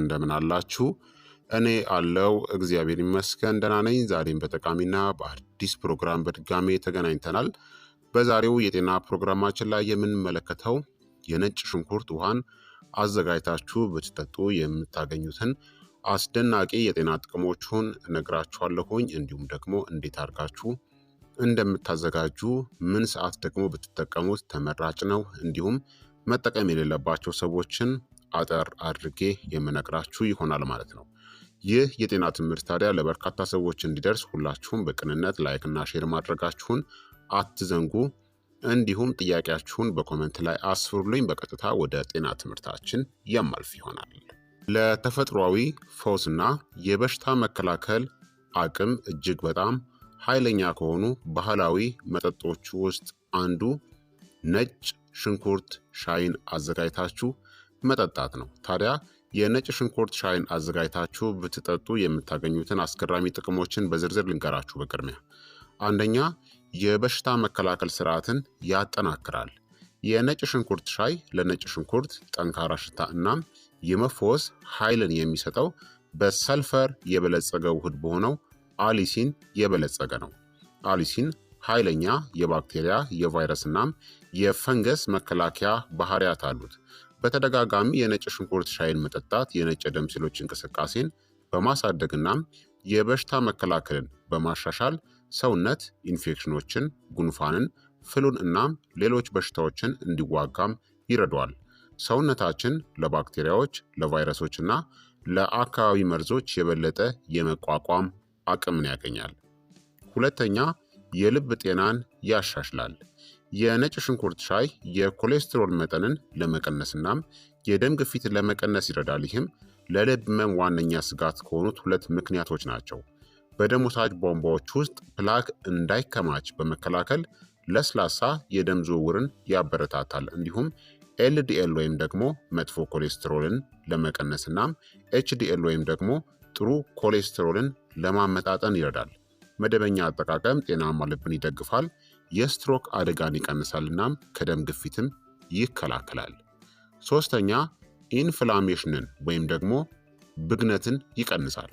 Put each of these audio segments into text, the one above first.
እንደምን አላችሁ? እኔ አለው እግዚአብሔር ይመስገን ደህና ነኝ። ዛሬም በጠቃሚና በአዲስ ፕሮግራም በድጋሜ ተገናኝተናል። በዛሬው የጤና ፕሮግራማችን ላይ የምንመለከተው የነጭ ሽንኩርት ውሃን አዘጋጅታችሁ ብትጠጡ የምታገኙትን አስደናቂ የጤና ጥቅሞቹን እነግራችኋለሁኝ። እንዲሁም ደግሞ እንዴት አድርጋችሁ እንደምታዘጋጁ ምን ሰዓት ደግሞ ብትጠቀሙት ተመራጭ ነው፣ እንዲሁም መጠቀም የሌለባቸው ሰዎችን አጠር አድርጌ የምነግራችሁ ይሆናል ማለት ነው። ይህ የጤና ትምህርት ታዲያ ለበርካታ ሰዎች እንዲደርስ ሁላችሁም በቅንነት ላይክና ሼር ማድረጋችሁን አትዘንጉ። እንዲሁም ጥያቄያችሁን በኮመንት ላይ አስፍሩልኝ። በቀጥታ ወደ ጤና ትምህርታችን የማልፍ ይሆናል። ለተፈጥሯዊ ፈውስና የበሽታ መከላከል አቅም እጅግ በጣም ኃይለኛ ከሆኑ ባህላዊ መጠጦች ውስጥ አንዱ ነጭ ሽንኩርት ሻይን አዘጋጅታችሁ መጠጣት ነው። ታዲያ የነጭ ሽንኩርት ሻይን አዘጋጅታችሁ ብትጠጡ የምታገኙትን አስገራሚ ጥቅሞችን በዝርዝር ልንገራችሁ። በቅድሚያ አንደኛ የበሽታ መከላከል ስርዓትን ያጠናክራል። የነጭ ሽንኩርት ሻይ ለነጭ ሽንኩርት ጠንካራ ሽታ እናም የመፈወስ ኃይልን የሚሰጠው በሰልፈር የበለጸገ ውህድ በሆነው አሊሲን የበለጸገ ነው። አሊሲን ኃይለኛ የባክቴሪያ የቫይረስ እናም የፈንገስ መከላከያ ባህሪያት አሉት። በተደጋጋሚ የነጭ ሽንኩርት ሻይን መጠጣት የነጭ ደም ሴሎች እንቅስቃሴን በማሳደግና የበሽታ መከላከልን በማሻሻል ሰውነት ኢንፌክሽኖችን፣ ጉንፋንን፣ ፍሉን እናም ሌሎች በሽታዎችን እንዲዋጋም ይረዳዋል። ሰውነታችን ለባክቴሪያዎች፣ ለቫይረሶችና ለአካባቢ መርዞች የበለጠ የመቋቋም አቅምን ያገኛል። ሁለተኛ የልብ ጤናን ያሻሽላል። የነጭ ሽንኩርት ሻይ የኮሌስትሮል መጠንን ለመቀነስ የደም ግፊትን ለመቀነስ ይረዳል። ይህም ለልብ ህመም ዋነኛ ስጋት ከሆኑት ሁለት ምክንያቶች ናቸው። በደም ወሳጅ ቧንቧዎች ውስጥ ፕላክ እንዳይከማች በመከላከል ለስላሳ የደም ዝውውርን ያበረታታል። እንዲሁም ኤልዲኤል ወይም ደግሞ መጥፎ ኮሌስትሮልን ለመቀነስ እናም ኤችዲኤል ወይም ደግሞ ጥሩ ኮሌስትሮልን ለማመጣጠን ይረዳል። መደበኛ አጠቃቀም ጤናማ ልብን ይደግፋል። የስትሮክ አደጋን ይቀንሳል እናም ከደም ግፊትም ይከላከላል። ሶስተኛ ኢንፍላሜሽንን ወይም ደግሞ ብግነትን ይቀንሳል።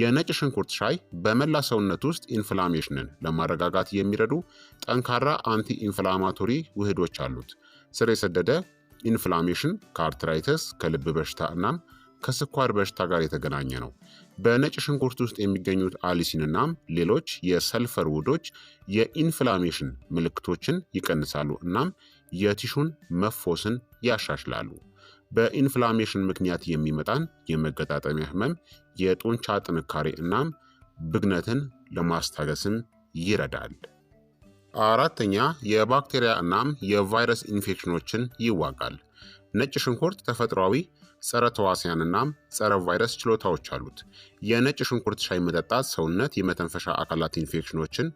የነጭ ሽንኩርት ሻይ በመላ ሰውነት ውስጥ ኢንፍላሜሽንን ለማረጋጋት የሚረዱ ጠንካራ አንቲ ኢንፍላማቶሪ ውህዶች አሉት። ስር የሰደደ ኢንፍላሜሽን ከአርትራይተስ፣ ከልብ በሽታ እናም ከስኳር በሽታ ጋር የተገናኘ ነው። በነጭ ሽንኩርት ውስጥ የሚገኙት አሊሲንናም ሌሎች የሰልፈር ውዶች የኢንፍላሜሽን ምልክቶችን ይቀንሳሉ እናም የቲሹን መፎስን ያሻሽላሉ። በኢንፍላሜሽን ምክንያት የሚመጣን የመገጣጠሚያ ህመም፣ የጡንቻ ጥንካሬ እናም ብግነትን ለማስታገስም ይረዳል። አራተኛ የባክቴሪያ እናም የቫይረስ ኢንፌክሽኖችን ይዋጋል። ነጭ ሽንኩርት ተፈጥሯዊ ጸረ ተዋሲያንና ጸረ ቫይረስ ችሎታዎች አሉት። የነጭ ሽንኩርት ሻይ መጠጣት ሰውነት የመተንፈሻ አካላት ኢንፌክሽኖችን፣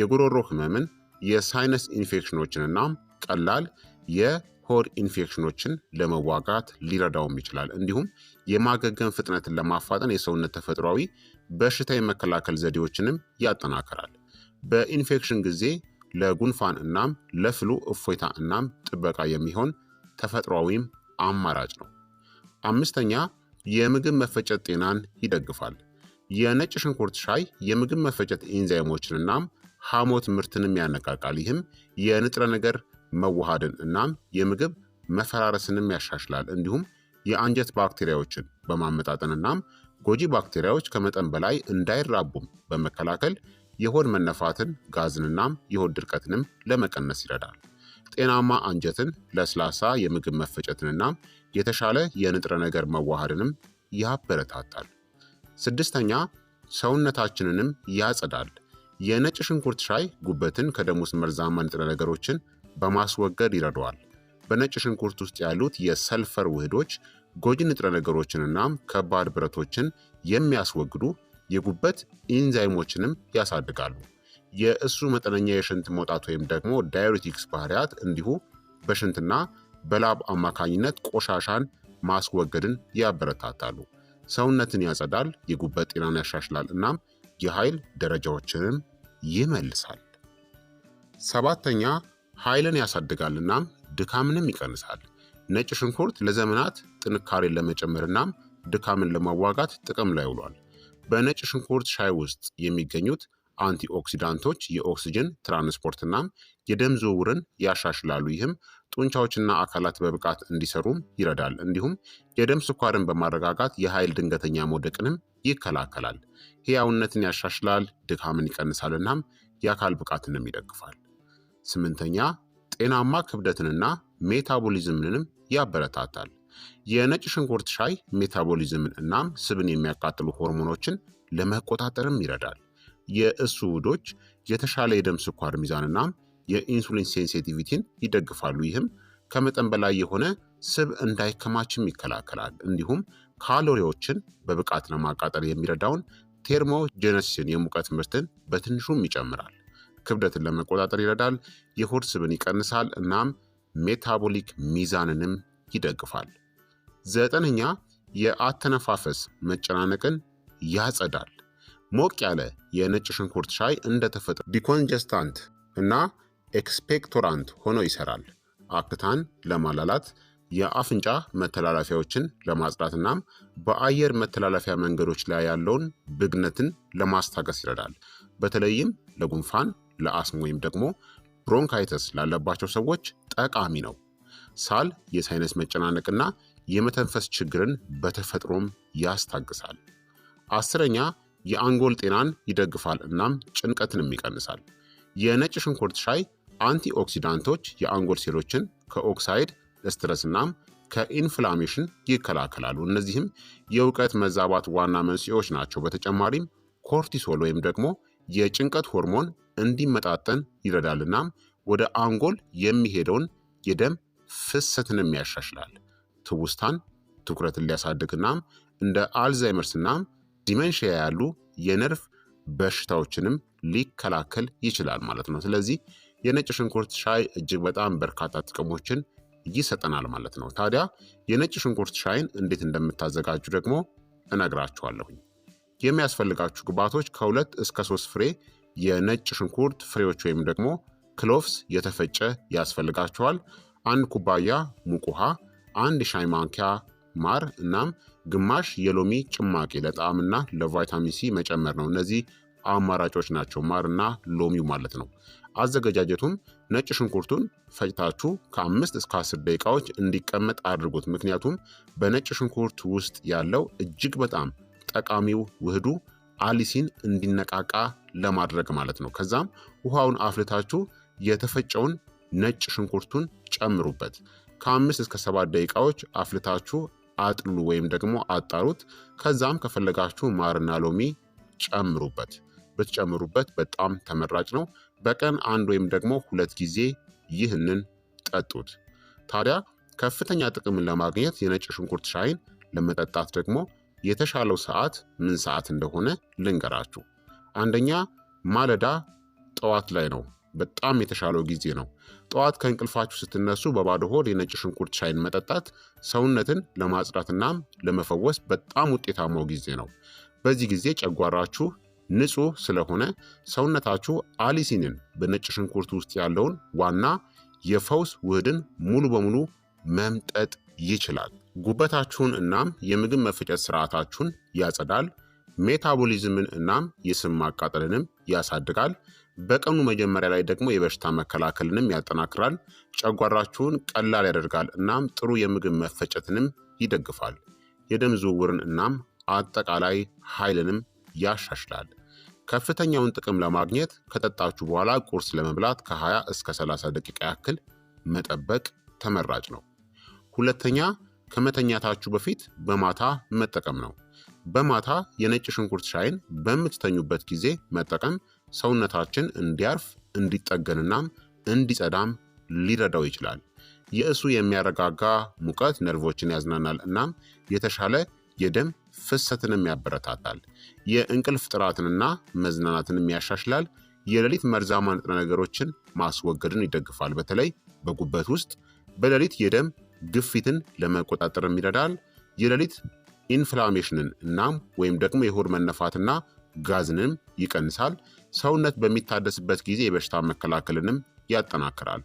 የጉሮሮ ህመምን፣ የሳይነስ ኢንፌክሽኖችንና ቀላል የሆድ ኢንፌክሽኖችን ለመዋጋት ሊረዳውም ይችላል። እንዲሁም የማገገም ፍጥነትን ለማፋጠን የሰውነት ተፈጥሯዊ በሽታ የመከላከል ዘዴዎችንም ያጠናክራል። በኢንፌክሽን ጊዜ ለጉንፋን እናም ለፍሉ እፎይታ እናም ጥበቃ የሚሆን ተፈጥሯዊም አማራጭ ነው። አምስተኛ የምግብ መፈጨት ጤናን ይደግፋል። የነጭ ሽንኩርት ሻይ የምግብ መፈጨት ኢንዛይሞችንና እናም ሐሞት ምርትንም ያነቃቃል። ይህም የንጥረ ነገር መዋሃድን እናም የምግብ መፈራረስንም ያሻሽላል። እንዲሁም የአንጀት ባክቴሪያዎችን በማመጣጠን እናም ጎጂ ባክቴሪያዎች ከመጠን በላይ እንዳይራቡም በመከላከል የሆድ መነፋትን፣ ጋዝንናም የሆድ ድርቀትንም ለመቀነስ ይረዳል። ጤናማ አንጀትን፣ ለስላሳ የምግብ መፈጨትንና የተሻለ የንጥረ ነገር መዋሃድንም ያበረታታል። ስድስተኛ ሰውነታችንንም ያጸዳል። የነጭ ሽንኩርት ሻይ ጉበትን ከደም ውስጥ መርዛማ ንጥረ ነገሮችን በማስወገድ ይረዳዋል። በነጭ ሽንኩርት ውስጥ ያሉት የሰልፈር ውህዶች ጎጂ ንጥረ ነገሮችንና ከባድ ብረቶችን የሚያስወግዱ የጉበት ኢንዛይሞችንም ያሳድጋሉ። የእሱ መጠነኛ የሽንት መውጣት ወይም ደግሞ ዳዩሪቲክስ ባህሪያት እንዲሁ በሽንትና በላብ አማካኝነት ቆሻሻን ማስወገድን ያበረታታሉ። ሰውነትን ያጸዳል፣ የጉበት ጤናን ያሻሽላል፣ እናም የኃይል ደረጃዎችንም ይመልሳል። ሰባተኛ ኃይልን ያሳድጋል፣ እናም ድካምንም ይቀንሳል። ነጭ ሽንኩርት ለዘመናት ጥንካሬን ለመጨመር እናም ድካምን ለማዋጋት ጥቅም ላይ ውሏል። በነጭ ሽንኩርት ሻይ ውስጥ የሚገኙት አንቲኦክሲዳንቶች የኦክስጅን ትራንስፖርትና የደም ዝውውርን ያሻሽላሉ። ይህም ጡንቻዎችና አካላት በብቃት እንዲሰሩም ይረዳል። እንዲሁም የደም ስኳርን በማረጋጋት የኃይል ድንገተኛ መውደቅንም ይከላከላል። ሕያውነትን ያሻሽላል፣ ድካምን ይቀንሳል፣ እናም የአካል ብቃትንም ይደግፋል። ስምንተኛ ጤናማ ክብደትንና ሜታቦሊዝምንም ያበረታታል። የነጭ ሽንኩርት ሻይ ሜታቦሊዝምን እናም ስብን የሚያቃጥሉ ሆርሞኖችን ለመቆጣጠርም ይረዳል። የእሱ ውዶች የተሻለ የደም ስኳር ሚዛንና የኢንሱሊን ሴንሲቲቪቲን ይደግፋሉ። ይህም ከመጠን በላይ የሆነ ስብ እንዳይከማችም ይከላከላል። እንዲሁም ካሎሪዎችን በብቃት ለማቃጠል የሚረዳውን ቴርሞጀነሲን የሙቀት ምርትን በትንሹም ይጨምራል። ክብደትን ለመቆጣጠር ይረዳል፣ የሆድ ስብን ይቀንሳል፣ እናም ሜታቦሊክ ሚዛንንም ይደግፋል። ዘጠነኛ የአተነፋፈስ መጨናነቅን ያጸዳል። ሞቅ ያለ የነጭ ሽንኩርት ሻይ እንደተፈጥሮ ዲኮንጀስታንት እና ኤክስፔክቶራንት ሆኖ ይሰራል። አክታን ለማላላት የአፍንጫ መተላለፊያዎችን ለማጽዳት በአየር መተላለፊያ መንገዶች ላይ ያለውን ብግነትን ለማስታገስ ይረዳል። በተለይም ለጉንፋን፣ ለአስም ወይም ደግሞ ብሮንካይተስ ላለባቸው ሰዎች ጠቃሚ ነው። ሳል የሳይነስ መጨናነቅና የመተንፈስ ችግርን በተፈጥሮም ያስታግሳል። አስረኛ የአንጎል ጤናን ይደግፋል እናም ጭንቀትንም ይቀንሳል። የነጭ ሽንኩርት ሻይ አንቲኦክሲዳንቶች የአንጎል ሴሎችን ከኦክሳይድ ስትረስ እናም ከኢንፍላሜሽን ይከላከላሉ። እነዚህም የእውቀት መዛባት ዋና መንስኤዎች ናቸው። በተጨማሪም ኮርቲሶል ወይም ደግሞ የጭንቀት ሆርሞን እንዲመጣጠን ይረዳል እናም ወደ አንጎል የሚሄደውን የደም ፍሰትንም ያሻሽላል። ትውስታን፣ ትኩረትን ሊያሳድግ እናም እንደ አልዛይመርስ እናም ዲሜንሽያ ያሉ የነርቭ በሽታዎችንም ሊከላከል ይችላል ማለት ነው። ስለዚህ የነጭ ሽንኩርት ሻይ እጅግ በጣም በርካታ ጥቅሞችን ይሰጠናል ማለት ነው። ታዲያ የነጭ ሽንኩርት ሻይን እንዴት እንደምታዘጋጁ ደግሞ እነግራችኋለሁኝ። የሚያስፈልጋችሁ ግብዓቶች ከሁለት እስከ ሶስት ፍሬ የነጭ ሽንኩርት ፍሬዎች ወይም ደግሞ ክሎፍስ የተፈጨ ያስፈልጋችኋል። አንድ ኩባያ ሙቅ ውሃ፣ አንድ ሻይ ማንኪያ ማር እናም ግማሽ የሎሚ ጭማቂ ለጣዕምና ለቫይታሚን ሲ መጨመር ነው። እነዚህ አማራጮች ናቸው፣ ማርና ሎሚው ማለት ነው። አዘገጃጀቱም ነጭ ሽንኩርቱን ፈጭታችሁ ከአምስት እስከ አስር ደቂቃዎች እንዲቀመጥ አድርጉት። ምክንያቱም በነጭ ሽንኩርት ውስጥ ያለው እጅግ በጣም ጠቃሚው ውህዱ አሊሲን እንዲነቃቃ ለማድረግ ማለት ነው። ከዛም ውሃውን አፍልታችሁ የተፈጨውን ነጭ ሽንኩርቱን ጨምሩበት። ከአምስት እስከ ሰባት ደቂቃዎች አፍልታችሁ አጥሉ ወይም ደግሞ አጣሩት። ከዛም ከፈለጋችሁ ማርና ሎሚ ጨምሩበት። ብትጨምሩበት በጣም ተመራጭ ነው። በቀን አንድ ወይም ደግሞ ሁለት ጊዜ ይህንን ጠጡት። ታዲያ ከፍተኛ ጥቅምን ለማግኘት የነጭ ሽንኩርት ሻይን ለመጠጣት ደግሞ የተሻለው ሰዓት ምን ሰዓት እንደሆነ ልንገራችሁ። አንደኛ ማለዳ ጠዋት ላይ ነው በጣም የተሻለው ጊዜ ነው። ጠዋት ከእንቅልፋችሁ ስትነሱ በባዶ ሆድ የነጭ ሽንኩርት ሻይን መጠጣት ሰውነትን ለማጽዳትና ለመፈወስ በጣም ውጤታማው ጊዜ ነው። በዚህ ጊዜ ጨጓራችሁ ንጹህ ስለሆነ ሰውነታችሁ አሊሲንን በነጭ ሽንኩርት ውስጥ ያለውን ዋና የፈውስ ውህድን ሙሉ በሙሉ መምጠጥ ይችላል። ጉበታችሁን እናም የምግብ መፈጨት ስርዓታችሁን ያጸዳል። ሜታቦሊዝምን እናም የስም ማቃጠልንም ያሳድጋል። በቀኑ መጀመሪያ ላይ ደግሞ የበሽታ መከላከልንም ያጠናክራል፣ ጨጓራችሁን ቀላል ያደርጋል፣ እናም ጥሩ የምግብ መፈጨትንም ይደግፋል። የደም ዝውውርን እናም አጠቃላይ ኃይልንም ያሻሽላል። ከፍተኛውን ጥቅም ለማግኘት ከጠጣችሁ በኋላ ቁርስ ለመብላት ከ20 እስከ 30 ደቂቃ ያክል መጠበቅ ተመራጭ ነው። ሁለተኛ ከመተኛታችሁ በፊት በማታ መጠቀም ነው። በማታ የነጭ ሽንኩርት ሻይን በምትተኙበት ጊዜ መጠቀም ሰውነታችን እንዲያርፍ እንዲጠገንናም እንዲጸዳም ሊረዳው ይችላል። የእሱ የሚያረጋጋ ሙቀት ነርቮችን ያዝናናል እናም የተሻለ የደም ፍሰትንም ያበረታታል። የእንቅልፍ ጥራትንና መዝናናትንም ያሻሽላል። የሌሊት መርዛማ ንጥረ ነገሮችን ማስወገድን ይደግፋል። በተለይ በጉበት ውስጥ በሌሊት የደም ግፊትን ለመቆጣጠርም ይረዳል። የሌሊት ኢንፍላሜሽንን እናም ወይም ደግሞ የሆድ መነፋትና ጋዝንም ይቀንሳል። ሰውነት በሚታደስበት ጊዜ የበሽታ መከላከልንም ያጠናክራል።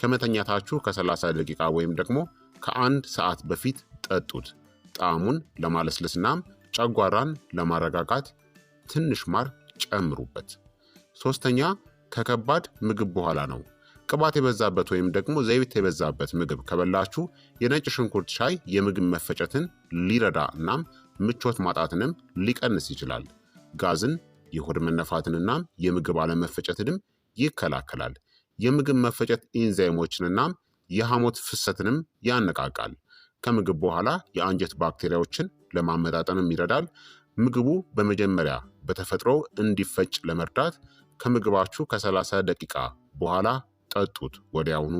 ከመተኛታችሁ ከ30 ደቂቃ ወይም ደግሞ ከአንድ ሰዓት በፊት ጠጡት። ጣዕሙን ለማለስለስናም ጨጓራን ለማረጋጋት ትንሽ ማር ጨምሩበት። ሶስተኛ ከከባድ ምግብ በኋላ ነው። ቅባት የበዛበት ወይም ደግሞ ዘይት የበዛበት ምግብ ከበላችሁ የነጭ ሽንኩርት ሻይ የምግብ መፈጨትን ሊረዳ እናም ምቾት ማጣትንም ሊቀንስ ይችላል። ጋዝን የሆድ መነፋትንና የምግብ አለመፈጨትንም ይከላከላል። የምግብ መፈጨት ኢንዛይሞችንና የሐሞት ፍሰትንም ያነቃቃል። ከምግብ በኋላ የአንጀት ባክቴሪያዎችን ለማመጣጠንም ይረዳል። ምግቡ በመጀመሪያ በተፈጥሮ እንዲፈጭ ለመርዳት ከምግባችሁ ከ30 ደቂቃ በኋላ ጠጡት፣ ወዲያውኑ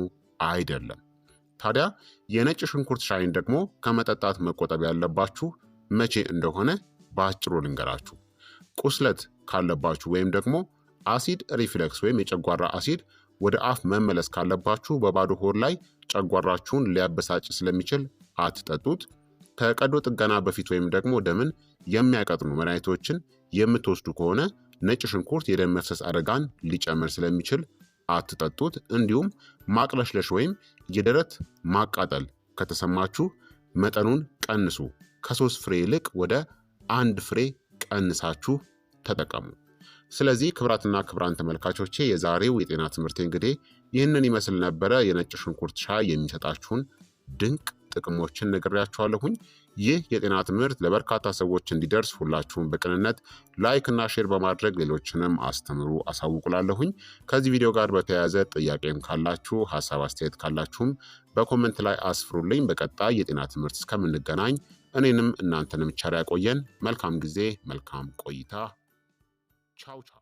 አይደለም። ታዲያ የነጭ ሽንኩርት ሻይን ደግሞ ከመጠጣት መቆጠብ ያለባችሁ መቼ እንደሆነ በአጭሩ ልንገራችሁ። ቁስለት ካለባችሁ ወይም ደግሞ አሲድ ሪፍለክስ ወይም የጨጓራ አሲድ ወደ አፍ መመለስ ካለባችሁ በባዶ ሆድ ላይ ጨጓራችሁን ሊያበሳጭ ስለሚችል አትጠጡት። ከቀዶ ጥገና በፊት ወይም ደግሞ ደምን የሚያቀጥኑ መድኃኒቶችን የምትወስዱ ከሆነ ነጭ ሽንኩርት የደም መፍሰስ አደጋን ሊጨምር ስለሚችል አትጠጡት። እንዲሁም ማቅለሽለሽ ወይም የደረት ማቃጠል ከተሰማችሁ መጠኑን ቀንሱ። ከሶስት ፍሬ ይልቅ ወደ አንድ ፍሬ ቀንሳችሁ ተጠቀሙ። ስለዚህ ክብራትና ክብራን ተመልካቾቼ የዛሬው የጤና ትምህርት እንግዲህ ይህንን ይመስል ነበረ። የነጭ ሽንኩርት ሻይ የሚሰጣችሁን ድንቅ ጥቅሞችን ነግሬያችኋለሁኝ። ይህ የጤና ትምህርት ለበርካታ ሰዎች እንዲደርስ ሁላችሁም በቅንነት ላይክ እና ሼር በማድረግ ሌሎችንም አስተምሩ አሳውቁላለሁኝ። ከዚህ ቪዲዮ ጋር በተያያዘ ጥያቄም ካላችሁ ሀሳብ አስተያየት ካላችሁም በኮመንት ላይ አስፍሩልኝ። በቀጣይ የጤና ትምህርት እስከምንገናኝ እኔንም እናንተንም ቸር ያቆየን። መልካም ጊዜ፣ መልካም ቆይታ። 超长。